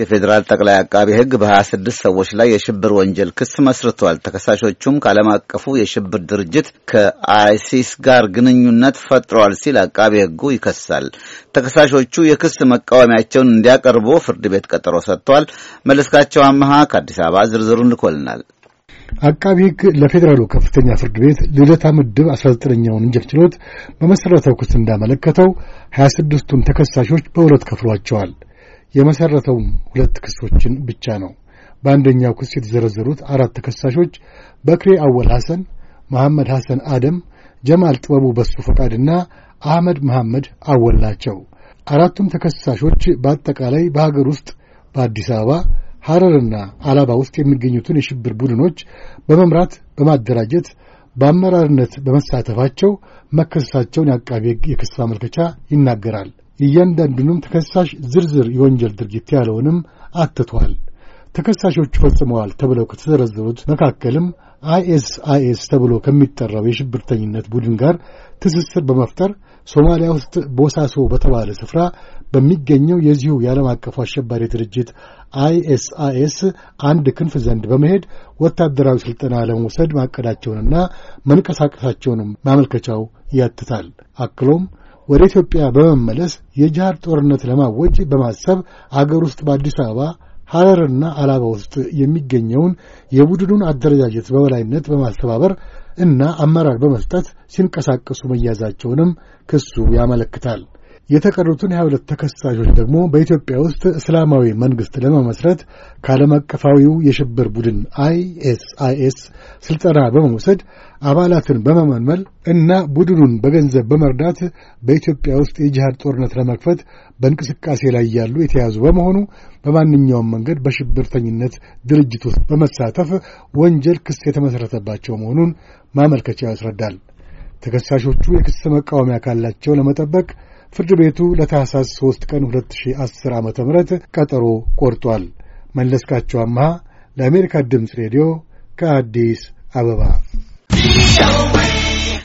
የፌዴራል ጠቅላይ አቃቢ ሕግ በ26 ሰዎች ላይ የሽብር ወንጀል ክስ መስርቷል። ተከሳሾቹም ከዓለም አቀፉ የሽብር ድርጅት ከአይሲስ ጋር ግንኙነት ፈጥረዋል ሲል አቃቢ ሕጉ ይከሳል። ተከሳሾቹ የክስ መቃወሚያቸውን እንዲያቀርቡ ፍርድ ቤት ቀጠሮ ሰጥቷል። መለስካቸው አመሃ ከአዲስ አበባ ዝርዝሩን ልኮልናል። አቃቢ ሕግ ለፌዴራሉ ከፍተኛ ፍርድ ቤት ልደታ ምድብ 19ኛውን ወንጀል ችሎት በመሠረተው ክስ እንዳመለከተው 26ቱን ተከሳሾች በሁለት ከፍሏቸዋል። የመሠረተውም ሁለት ክሶችን ብቻ ነው። በአንደኛው ክስ የተዘረዘሩት አራት ተከሳሾች በክሬ አወል ሐሰን፣ መሐመድ ሐሰን አደም፣ ጀማል ጥበቡ በሱ ፈቃድና አህመድ መሐመድ አወል ናቸው። አራቱም ተከሳሾች በአጠቃላይ በሀገር ውስጥ በአዲስ አበባ ሐረርና አላባ ውስጥ የሚገኙትን የሽብር ቡድኖች በመምራት በማደራጀት በአመራርነት በመሳተፋቸው መከሰሳቸውን የአቃቤ ሕግ የክስ ማመልከቻ ይናገራል። እያንዳንዱንም ተከሳሽ ዝርዝር የወንጀል ድርጊት ያለውንም አትቷል። ተከሳሾቹ ፈጽመዋል ተብለው ከተዘረዘሩት መካከልም አይኤስአይኤስ ተብሎ ከሚጠራው የሽብርተኝነት ቡድን ጋር ትስስር በመፍጠር ሶማሊያ ውስጥ ቦሳሶ በተባለ ስፍራ በሚገኘው የዚሁ የዓለም አቀፉ አሸባሪ ድርጅት አይኤስአይኤስ አንድ ክንፍ ዘንድ በመሄድ ወታደራዊ ሥልጠና ለመውሰድ ማቀዳቸውንና መንቀሳቀሳቸውንም ማመልከቻው ያትታል። አክሎም ወደ ኢትዮጵያ በመመለስ የጅሃድ ጦርነት ለማወጅ በማሰብ አገር ውስጥ በአዲስ አበባ ሐረርና አላባ ውስጥ የሚገኘውን የቡድኑን አደረጃጀት በበላይነት በማስተባበር እና አመራር በመስጠት ሲንቀሳቀሱ መያዛቸውንም ክሱ ያመለክታል። የተቀሩትን ሁለት ተከሳሾች ደግሞ በኢትዮጵያ ውስጥ እስላማዊ መንግሥት ለመመስረት ከዓለም አቀፋዊው የሽብር ቡድን አይኤስአይኤስ ሥልጠና በመውሰድ አባላትን በመመልመል እና ቡድኑን በገንዘብ በመርዳት በኢትዮጵያ ውስጥ የጂሃድ ጦርነት ለመክፈት በእንቅስቃሴ ላይ ያሉ የተያዙ በመሆኑ በማንኛውም መንገድ በሽብርተኝነት ድርጅት ውስጥ በመሳተፍ ወንጀል ክስ የተመሠረተባቸው መሆኑን ማመልከቻው ያስረዳል። ተከሳሾቹ የክስ መቃወሚያ ካላቸው ለመጠበቅ ፍርድ ቤቱ ለታህሳስ 3 ቀን 2010 ዓ ም ቀጠሮ ቆርጧል። መለስካቸው አመሃ ለአሜሪካ ድምፅ ሬዲዮ ከአዲስ አበባ